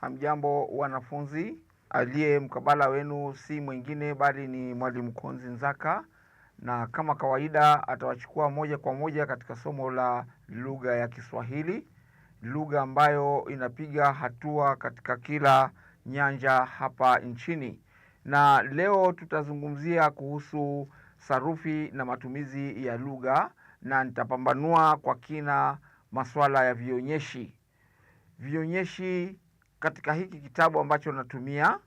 Hamjambo wanafunzi, aliye mkabala wenu si mwingine bali ni mwalimu Konzi Nzaka, na kama kawaida atawachukua moja kwa moja katika somo la lugha ya Kiswahili, lugha ambayo inapiga hatua katika kila nyanja hapa nchini. Na leo tutazungumzia kuhusu sarufi na matumizi ya lugha, na nitapambanua kwa kina masuala ya vionyeshi. Vionyeshi katika hiki kitabu ambacho natumia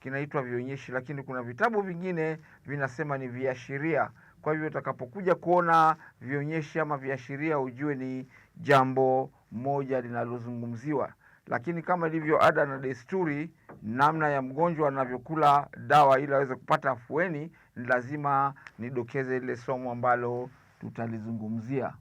kinaitwa vionyeshi, lakini kuna vitabu vingine vinasema ni viashiria. Kwa hivyo utakapokuja kuona vionyeshi ama viashiria, ujue ni jambo moja linalozungumziwa. Lakini kama ilivyo ada na desturi, namna ya mgonjwa anavyokula dawa ili aweze kupata afueni, ni lazima nidokeze lile somo ambalo tutalizungumzia.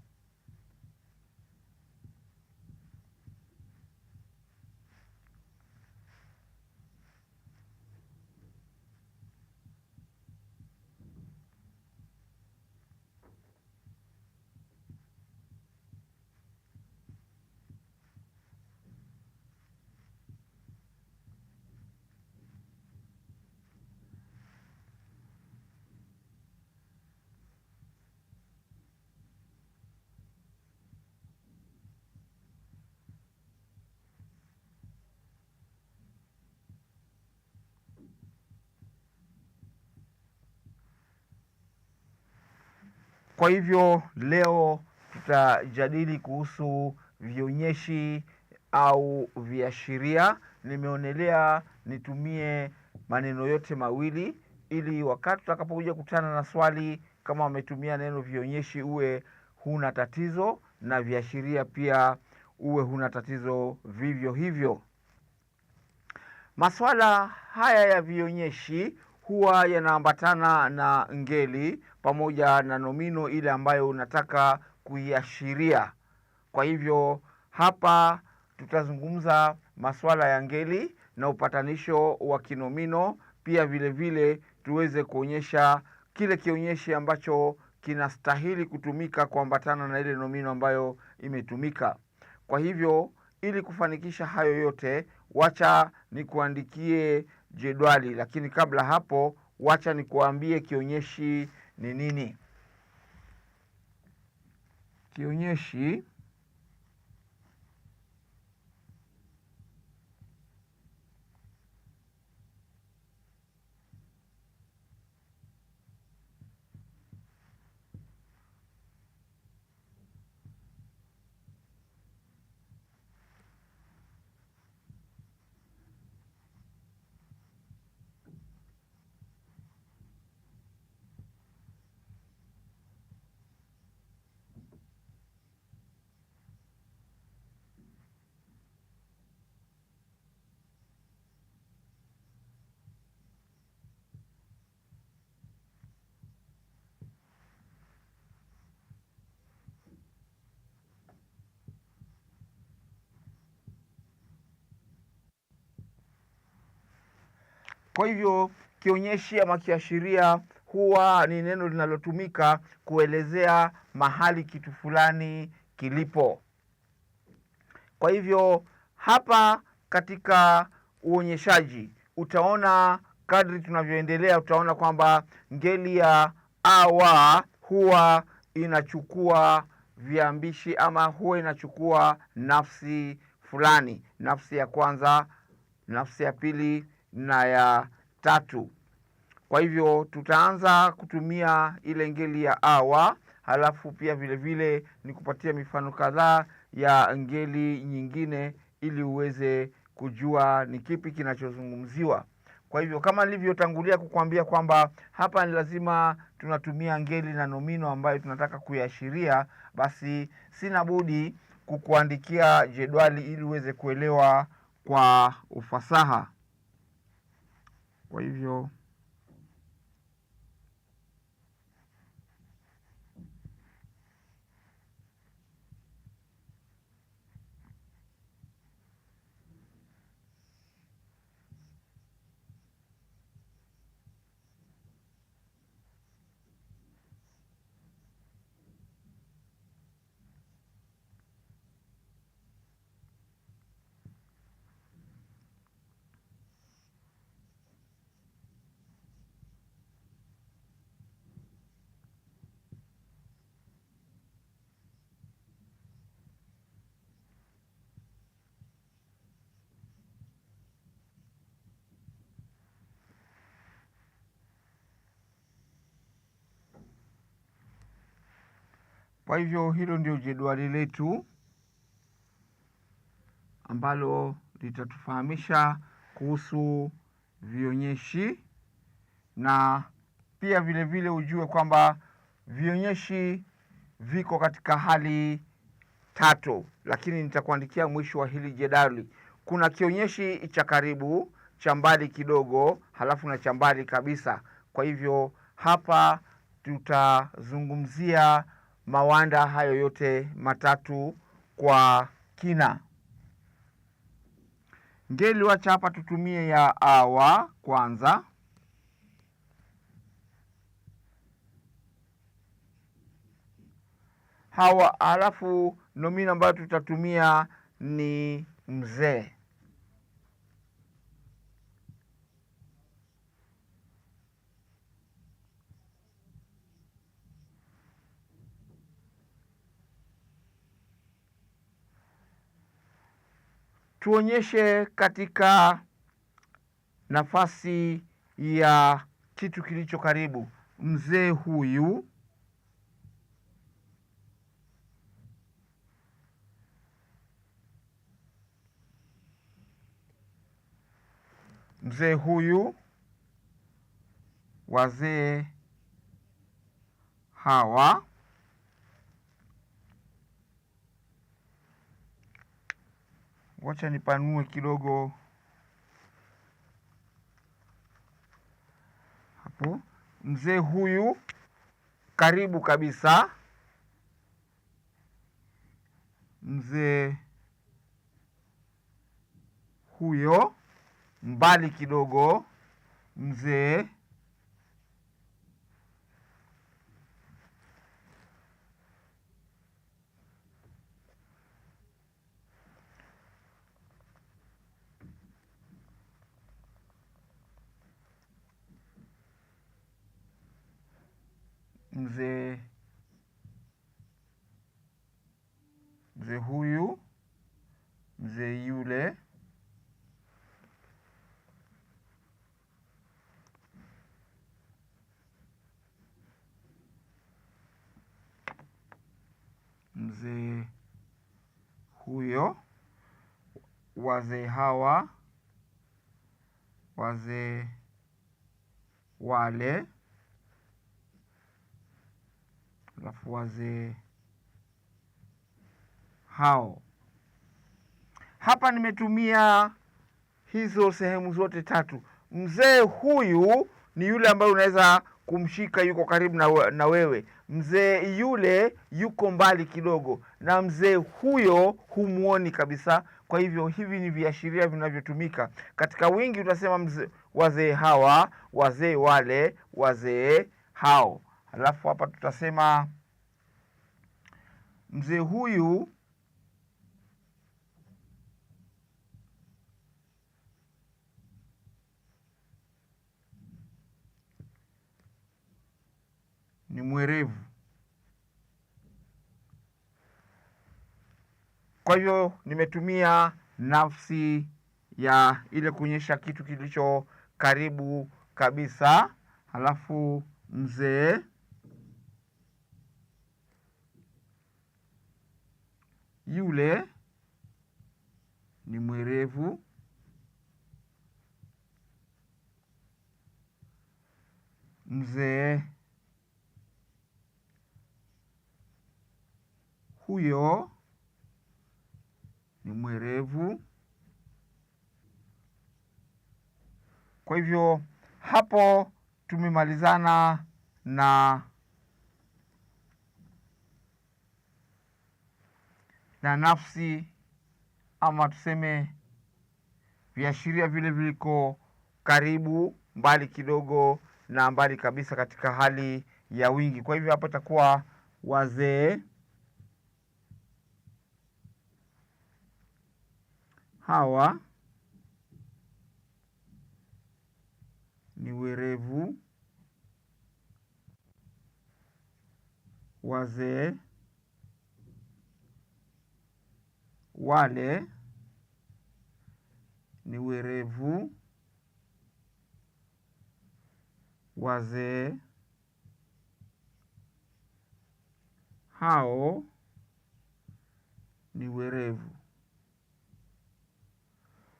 Kwa hivyo leo tutajadili kuhusu vionyeshi au viashiria. Nimeonelea nitumie maneno yote mawili ili wakati utakapokuja kutana na swali kama wametumia neno vionyeshi, uwe huna tatizo, na viashiria pia uwe huna tatizo vivyo hivyo. Maswala haya ya vionyeshi huwa yanaambatana na ngeli pamoja na nomino ile ambayo unataka kuiashiria. Kwa hivyo hapa tutazungumza masuala ya ngeli na upatanisho wa kinomino, pia vile vile tuweze kuonyesha kile kionyeshi ambacho kinastahili kutumika kuambatana na ile nomino ambayo imetumika. Kwa hivyo ili kufanikisha hayo yote, wacha nikuandikie jedwali, lakini kabla hapo, wacha nikuambie kionyeshi ni nini. Kionyeshi Kwa hivyo kionyeshi ama kiashiria huwa ni neno linalotumika kuelezea mahali kitu fulani kilipo. Kwa hivyo hapa katika uonyeshaji utaona kadri tunavyoendelea utaona kwamba ngeli ya awa huwa inachukua viambishi ama huwa inachukua nafsi fulani, nafsi ya kwanza, nafsi ya pili, na ya tatu. Kwa hivyo tutaanza kutumia ile ngeli ya awa, halafu pia vilevile ni kupatia mifano kadhaa ya ngeli nyingine ili uweze kujua ni kipi kinachozungumziwa. Kwa hivyo kama nilivyotangulia kukuambia kwamba hapa ni lazima tunatumia ngeli na nomino ambayo tunataka kuiashiria, basi sina budi kukuandikia jedwali ili uweze kuelewa kwa ufasaha. Wave viu Kwa hivyo hilo ndio jedwali letu ambalo litatufahamisha kuhusu vionyeshi na pia vile vile ujue kwamba vionyeshi viko katika hali tatu, lakini nitakuandikia mwisho wa hili jedali Kuna kionyeshi cha karibu, cha mbali kidogo, halafu na cha mbali kabisa. Kwa hivyo hapa tutazungumzia mawanda hayo yote matatu kwa kina. Ngeliwacha hapa tutumie ya awa kwanza hawa, alafu nomino ambayo tutatumia ni mzee. tuonyeshe katika nafasi ya kitu kilicho karibu. Mzee huyu mzee huyu, wazee hawa wacha nipanue kidogo hapo. Mzee huyu karibu kabisa, mzee huyo mbali kidogo, mzee mzee mzee huyu, mzee yule, mzee huyo, wazee hawa, wazee wale alafu wazee hao hapa nimetumia hizo sehemu zote tatu. Mzee huyu ni yule ambaye unaweza kumshika, yuko karibu na, na wewe. Mzee yule yuko mbali kidogo, na mzee huyo humwoni kabisa. Kwa hivyo hivi ni viashiria vinavyotumika katika wingi. Utasema wazee hawa, wazee wale, wazee hao. Alafu hapa tutasema mzee huyu ni mwerevu. Kwa hivyo nimetumia nafsi ya ile kuonyesha kitu kilicho karibu kabisa, halafu mzee Yule ni mwerevu. Mzee. Huyo ni mwerevu. Kwa hivyo hapo tumemalizana na na nafsi ama tuseme viashiria vile viliko karibu, mbali kidogo na mbali kabisa, katika hali ya wingi. Kwa hivyo hapa itakuwa wazee hawa ni werevu, wazee wale ni werevu, wazee, hao ni werevu.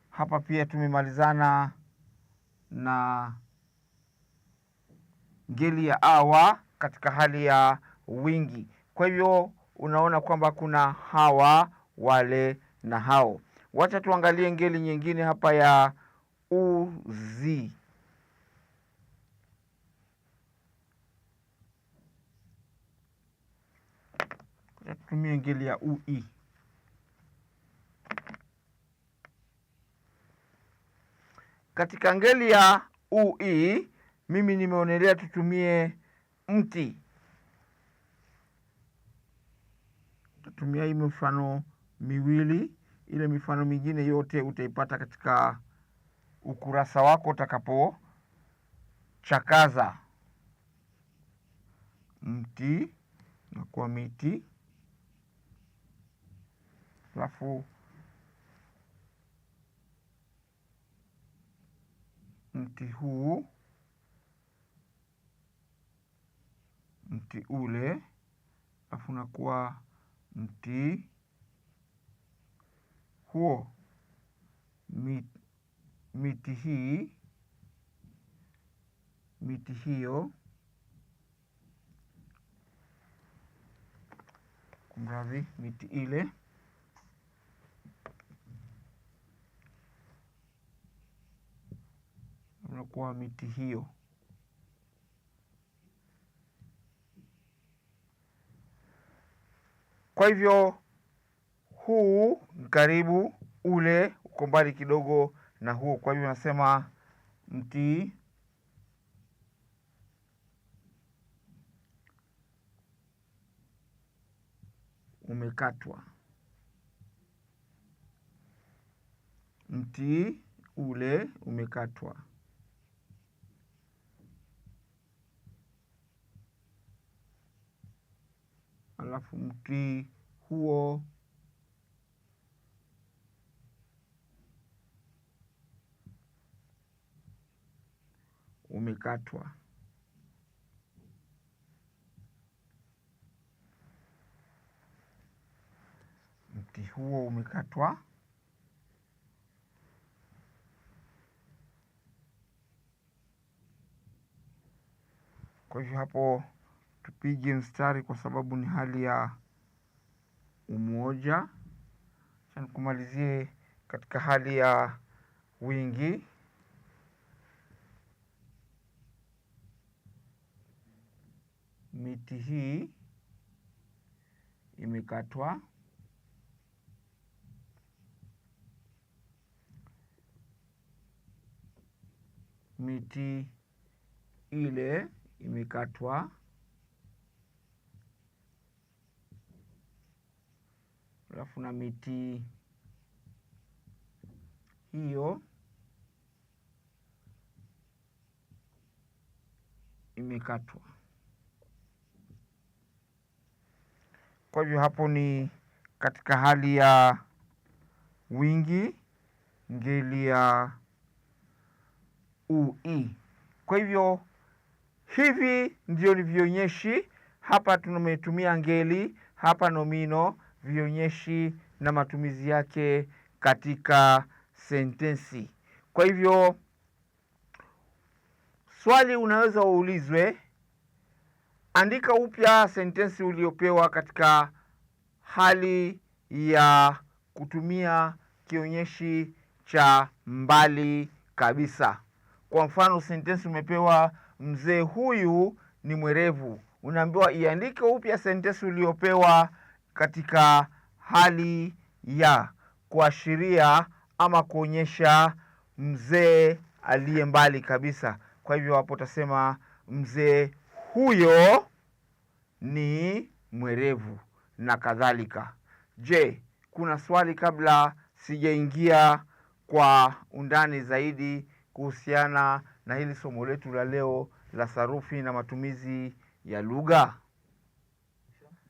Hapa pia tumemalizana na ngeli ya awa katika hali ya wingi. Kwa hivyo unaona kwamba kuna hawa wale na hao. Wacha tuangalie ngeli nyingine hapa ya uzi. Tutumie ngeli ya ui. E. Katika ngeli ya ui, e, mimi nimeonelea tutumie mti. Tutumia hii mfano miwili. Ile mifano mingine yote utaipata katika ukurasa wako utakapochakaza mti na kuwa miti, alafu mti huu, mti ule, alafu nakuwa mti huo miti hii, miti hiyo, mradhi miti ile unakuwa miti hiyo kwa hivyo huu karibu, ule uko mbali kidogo na huo Kwa hivyo unasema mti umekatwa, mti ule umekatwa. Alafu mti huo umekatwa. Mti huo umekatwa. Kwa hivyo hapo tupige mstari kwa sababu ni hali ya umoja. Sasa nikumalizie katika hali ya wingi. miti hii imekatwa miti ile imekatwa alafu na miti hiyo imekatwa Kwa hivyo hapo ni katika hali ya wingi ngeli ya ui. E. Kwa hivyo hivi ndio ni vionyeshi. Hapa tumetumia ngeli, hapa nomino, vionyeshi na matumizi yake katika sentensi. Kwa hivyo swali unaweza uulizwe Andika upya sentensi uliyopewa katika hali ya kutumia kionyeshi cha mbali kabisa. Kwa mfano, sentensi umepewa mzee huyu ni mwerevu, unaambiwa iandike upya sentensi uliyopewa katika hali ya kuashiria ama kuonyesha mzee aliye mbali kabisa. Kwa hivyo hapo utasema mzee huyo ni mwerevu na kadhalika. Je, kuna swali kabla sijaingia kwa undani zaidi kuhusiana na hili somo letu la leo la sarufi na matumizi ya lugha?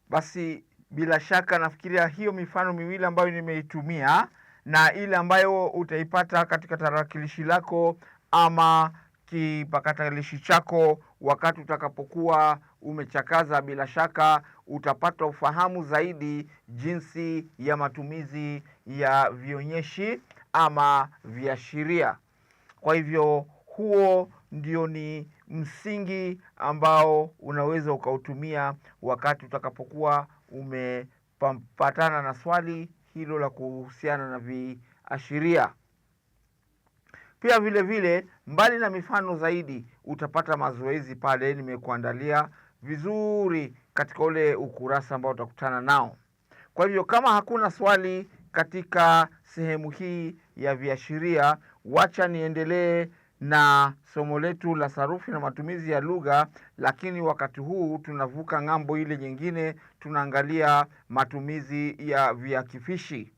Basi bila shaka nafikiria hiyo mifano miwili ambayo nimeitumia na ile ambayo utaipata katika tarakilishi lako ama kipakatalishi chako wakati utakapokuwa umechakaza, bila shaka utapata ufahamu zaidi jinsi ya matumizi ya vionyeshi ama viashiria. Kwa hivyo huo ndio ni msingi ambao unaweza ukautumia wakati utakapokuwa umepatana na swali hilo la kuhusiana na viashiria. Pia vile vile, mbali na mifano zaidi, utapata mazoezi pale nimekuandalia vizuri katika ule ukurasa ambao utakutana nao. Kwa hivyo kama hakuna swali katika sehemu hii ya viashiria, wacha niendelee na somo letu la sarufi na matumizi ya lugha, lakini wakati huu tunavuka ng'ambo ile nyingine, tunaangalia matumizi ya viakifishi.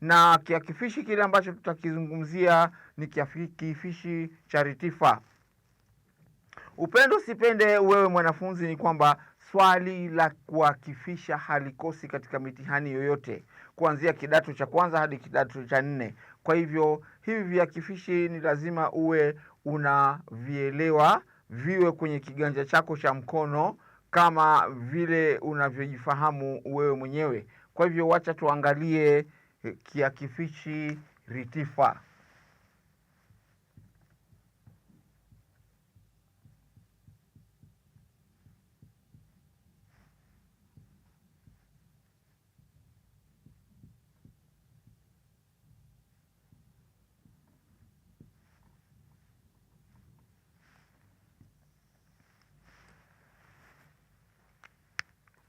Na kiakifishi kile ambacho tutakizungumzia ni kiakifishi cha ritifa. Upendo sipende wewe mwanafunzi, ni kwamba swali la kuakifisha halikosi katika mitihani yoyote kuanzia kidato cha kwanza hadi kidato cha nne. Kwa hivyo hivi viakifishi ni lazima uwe unavielewa, viwe kwenye kiganja chako cha mkono kama vile unavyojifahamu wewe mwenyewe. Kwa hivyo wacha tuangalie kiakifishi ritifa.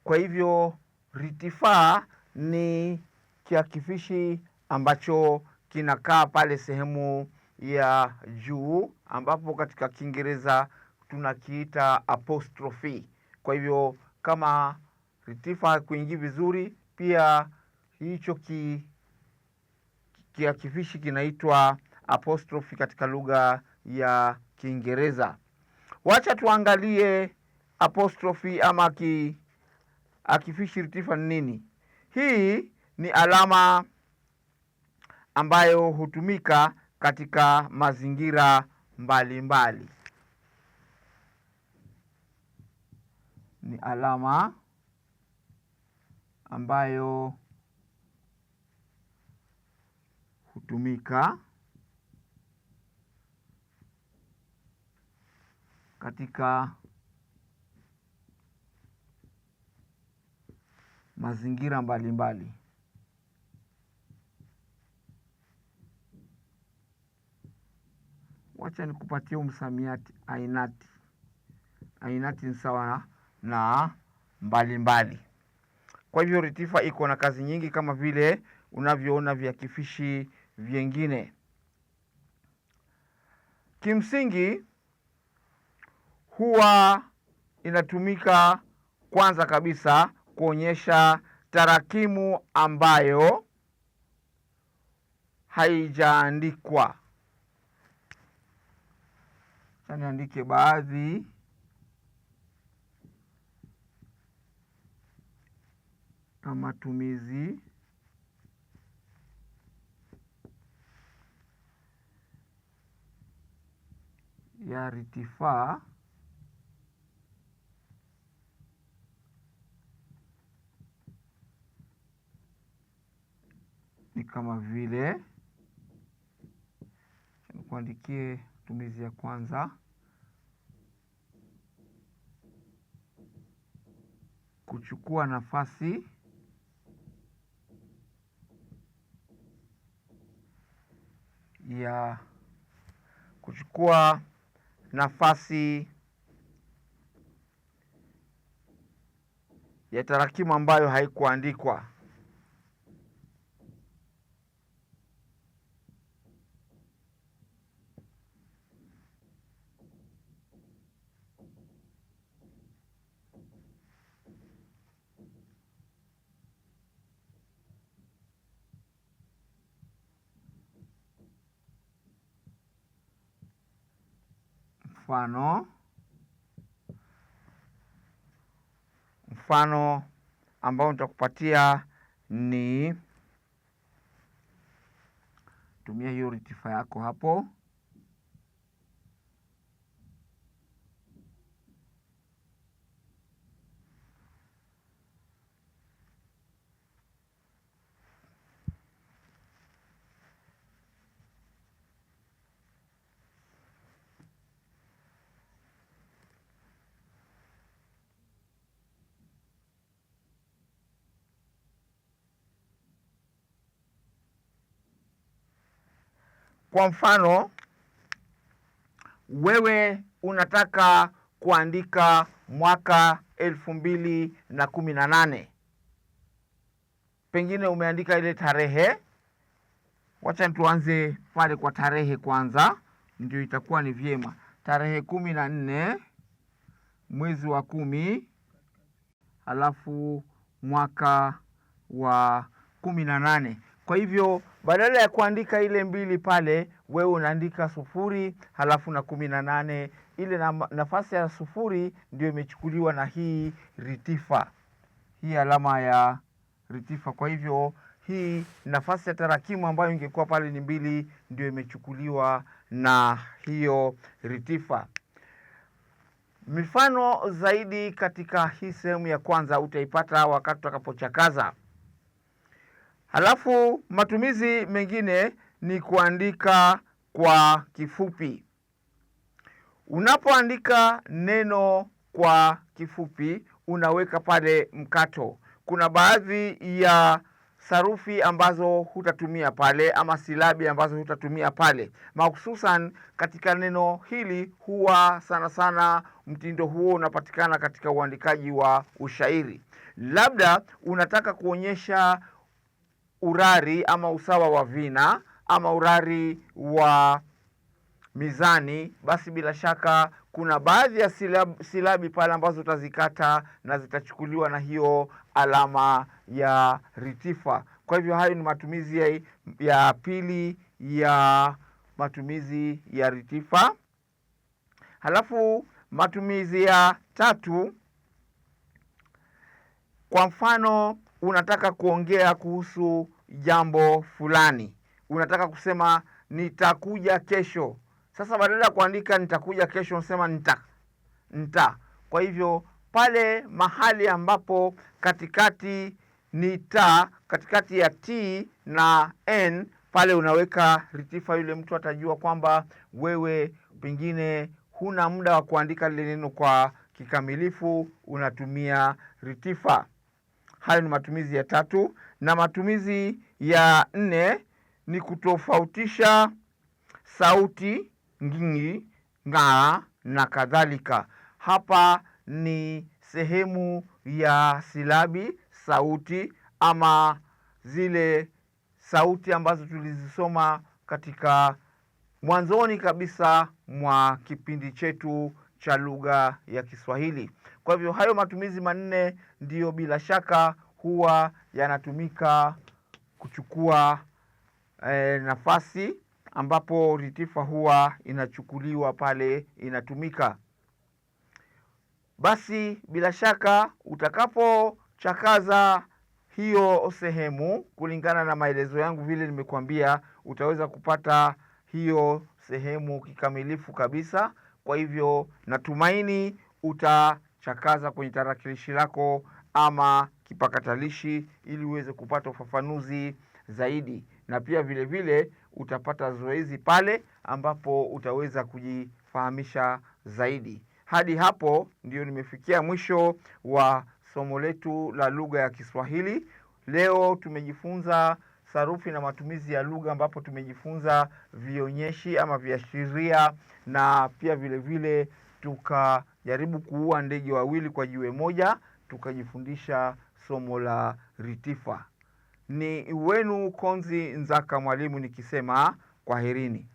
Kwa hivyo ritifaa ni kiakifishi ambacho kinakaa pale sehemu ya juu, ambapo katika Kiingereza tunakiita apostrophe. Kwa hivyo kama ritifa kuingii vizuri, pia hicho ki kiakifishi kinaitwa apostrophe katika lugha ya Kiingereza. Wacha tuangalie apostrophe ama ki akifishi ritifa nini? Hii ni alama ambayo hutumika katika mazingira mbalimbali mbali. Ni alama ambayo hutumika katika mazingira mbalimbali. Wacha nikupatie msamiati ainati. Ainati ni sawa na mbalimbali. Kwa hivyo ritifa iko na kazi nyingi kama vile unavyoona viakifishi vyengine. Kimsingi huwa inatumika kwanza kabisa kuonyesha tarakimu ambayo haijaandikwa. aniandike baadhi na matumizi ya ritifaa ni kama vile kuandikie tumizi ya kwanza kuchukua nafasi ya kuchukua nafasi ya tarakimu ambayo haikuandikwa. mfano mfano ambao nitakupatia ni tumia hiyo rectifier yako hapo. Kwa mfano, wewe unataka kuandika mwaka elfu mbili na kumi na nane, pengine umeandika ile tarehe. Wacha tuanze pale kwa tarehe kwanza, ndio itakuwa ni vyema. Tarehe kumi na nne mwezi wa kumi, halafu mwaka wa kumi na nane. Kwa hivyo badala ya kuandika ile mbili pale, wewe unaandika sufuri halafu na kumi na nane. Ile na, nafasi ya sufuri ndio imechukuliwa na hii ritifa, hii alama ya ritifa. Kwa hivyo hii nafasi ya tarakimu ambayo ingekuwa pale ni mbili, ndio imechukuliwa na hiyo ritifa. Mifano zaidi katika hii sehemu ya kwanza utaipata wakati utakapochakaza. Halafu matumizi mengine ni kuandika kwa kifupi. Unapoandika neno kwa kifupi, unaweka pale mkato. Kuna baadhi ya sarufi ambazo hutatumia pale ama silabi ambazo hutatumia pale. Mahususan katika neno hili huwa sana sana mtindo huo unapatikana katika uandikaji wa ushairi. Labda unataka kuonyesha urari ama usawa wa vina ama urari wa mizani, basi bila shaka kuna baadhi ya silabi, silabi pale ambazo utazikata na zitachukuliwa na hiyo alama ya ritifa. Kwa hivyo hayo ni matumizi ya, ya pili ya matumizi ya ritifa. Halafu matumizi ya tatu, kwa mfano unataka kuongea kuhusu jambo fulani. Unataka kusema nitakuja kesho. Sasa badala ya kuandika nitakuja kesho, unasema nita nita. Kwa hivyo pale mahali ambapo katikati ni ta, katikati ya t na n, pale unaweka ritifa, yule mtu atajua kwamba wewe pengine huna muda wa kuandika lile neno kwa kikamilifu, unatumia ritifa. Hayo ni matumizi ya tatu, na matumizi ya nne ni kutofautisha sauti ngingi, ng'aa na kadhalika. Hapa ni sehemu ya silabi sauti ama zile sauti ambazo tulizisoma katika mwanzoni kabisa mwa kipindi chetu cha lugha ya Kiswahili. Kwa hivyo hayo matumizi manne ndiyo bila shaka huwa yanatumika kuchukua e, nafasi ambapo ritifa huwa inachukuliwa pale inatumika. Basi bila shaka utakapochakaza hiyo sehemu kulingana na maelezo yangu vile nimekuambia, utaweza kupata hiyo sehemu kikamilifu kabisa. Kwa hivyo natumaini uta chakaza kwenye tarakilishi lako ama kipakatalishi ili uweze kupata ufafanuzi zaidi, na pia vile vile utapata zoezi pale ambapo utaweza kujifahamisha zaidi. Hadi hapo ndio nimefikia mwisho wa somo letu la lugha ya Kiswahili. Leo tumejifunza sarufi na matumizi ya lugha, ambapo tumejifunza vionyeshi ama viashiria na pia vile vile tuka jaribu kuua ndege wawili kwa jiwe moja, tukajifundisha somo la ritifa. Ni wenu Konzi Nzaka, mwalimu nikisema kwaherini.